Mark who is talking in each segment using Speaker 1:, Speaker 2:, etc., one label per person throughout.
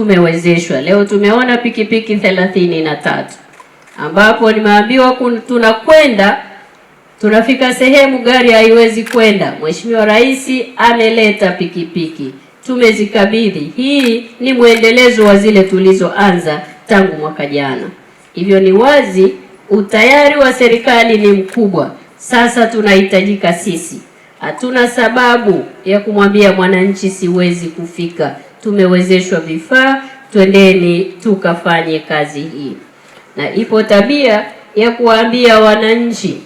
Speaker 1: tumewezeshwa. Leo tumeona pikipiki thelathini na tatu ambapo nimeambiwa tunakwenda tunafika sehemu gari haiwezi kwenda. Mheshimiwa Rais ameleta pikipiki, tumezikabidhi. Hii ni mwendelezo wa zile tulizoanza tangu mwaka jana. Hivyo ni wazi utayari wa serikali ni mkubwa. Sasa tunahitajika sisi, hatuna sababu ya kumwambia mwananchi siwezi kufika tumewezeshwa vifaa, twendeni tukafanye kazi hii. Na ipo tabia ya kuwaambia wananchi,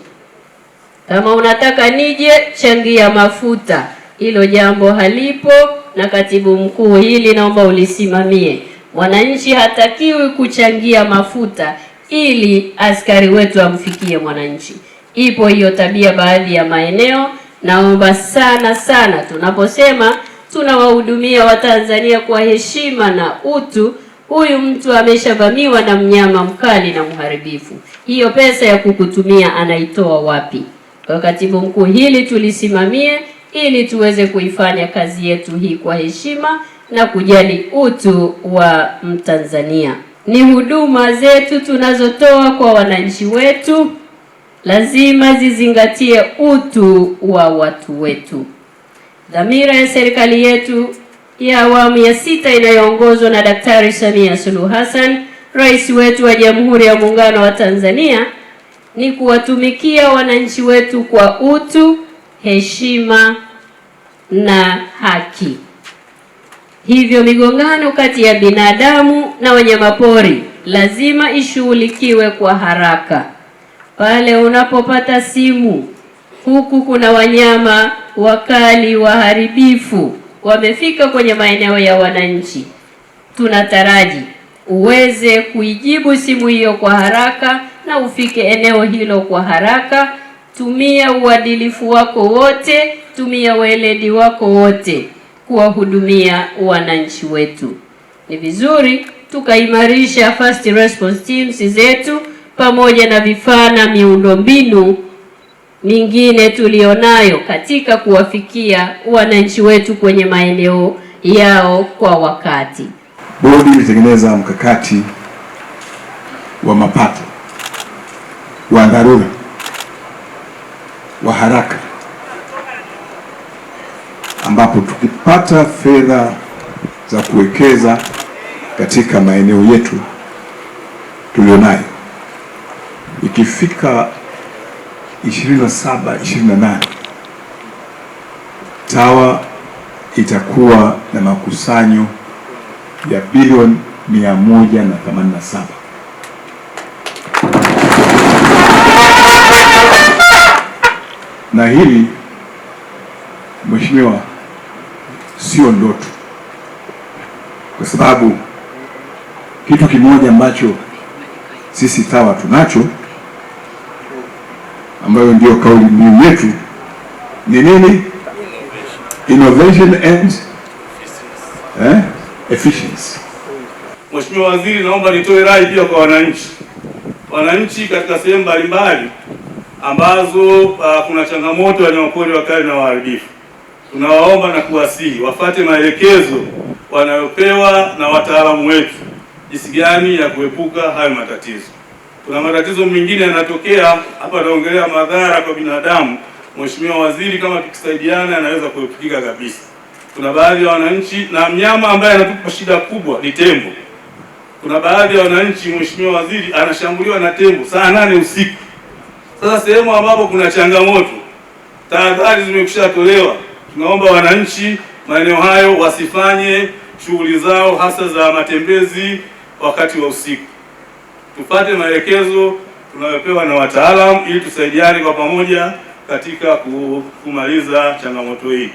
Speaker 1: kama unataka nije, changia mafuta. Hilo jambo halipo, na katibu mkuu, hili naomba ulisimamie. Mwananchi hatakiwi kuchangia mafuta ili askari wetu amfikie mwananchi. Ipo hiyo tabia baadhi ya maeneo. Naomba sana sana tunaposema tunawahudumia Watanzania kwa heshima na utu. Huyu mtu ameshavamiwa na mnyama mkali na mharibifu, hiyo pesa ya kukutumia anaitoa wapi? Kwa katibu mkuu, hili tulisimamie ili tuweze kuifanya kazi yetu hii kwa heshima na kujali utu wa Mtanzania. Ni huduma zetu tunazotoa kwa wananchi wetu, lazima zizingatie utu wa watu wetu. Dhamira ya serikali yetu ya awamu ya sita inayoongozwa na Daktari Samia Suluhu Hassan, rais wetu wa Jamhuri ya Muungano wa Tanzania, ni kuwatumikia wananchi wetu kwa utu, heshima na haki. Hivyo migongano kati ya binadamu na wanyamapori lazima ishughulikiwe kwa haraka. Pale unapopata simu, huku kuna wanyama wakali waharibifu wamefika kwenye maeneo ya wananchi. Tunataraji uweze kuijibu simu hiyo kwa haraka na ufike eneo hilo kwa haraka. Tumia uadilifu wako wote, tumia weledi wako wote kuwahudumia wananchi wetu. Ni vizuri tukaimarisha first response teams zetu pamoja na vifaa na miundombinu mingine tulionayo katika kuwafikia wananchi wetu kwenye maeneo yao kwa wakati.
Speaker 2: Bodi imetengeneza mkakati wa mapato wa dharura wa haraka, ambapo tukipata fedha za kuwekeza katika maeneo yetu tulionayo ikifika 27, TAWA itakuwa na makusanyo ya bilioni 187. Na hili mheshimiwa, sio ndoto, kwa sababu kitu kimoja ambacho sisi TAWA tunacho ambayo ndio kauli mbiu yetu ni nini? Innovation and eh, efficiency.
Speaker 3: Mheshimiwa Waziri, naomba nitoe rai pia kwa wananchi, wananchi katika sehemu mbalimbali ambazo uh, kuna changamoto ya wanyamapori wakali na waharibifu, tunawaomba na kuwasihi wafate maelekezo wanayopewa na wataalamu wetu jinsi gani ya kuepuka hayo matatizo. Kuna matatizo mengine yanatokea hapa, naongelea madhara kwa binadamu. Mheshimiwa Waziri, kama tukisaidiana, anaweza kuepukika kabisa. Kuna baadhi ya wananchi na mnyama ambaye anatupa shida kubwa ni tembo. Kuna baadhi ya wananchi, Mheshimiwa Waziri, anashambuliwa na tembo saa nane usiku. Sasa sehemu ambapo kuna changamoto, tahadhari zimekushatolewa. Tunaomba wananchi maeneo hayo wasifanye shughuli zao hasa za matembezi wakati wa usiku tupate maelekezo tunayopewa na wataalamu ili tusaidiane kwa pamoja katika kumaliza changamoto hii.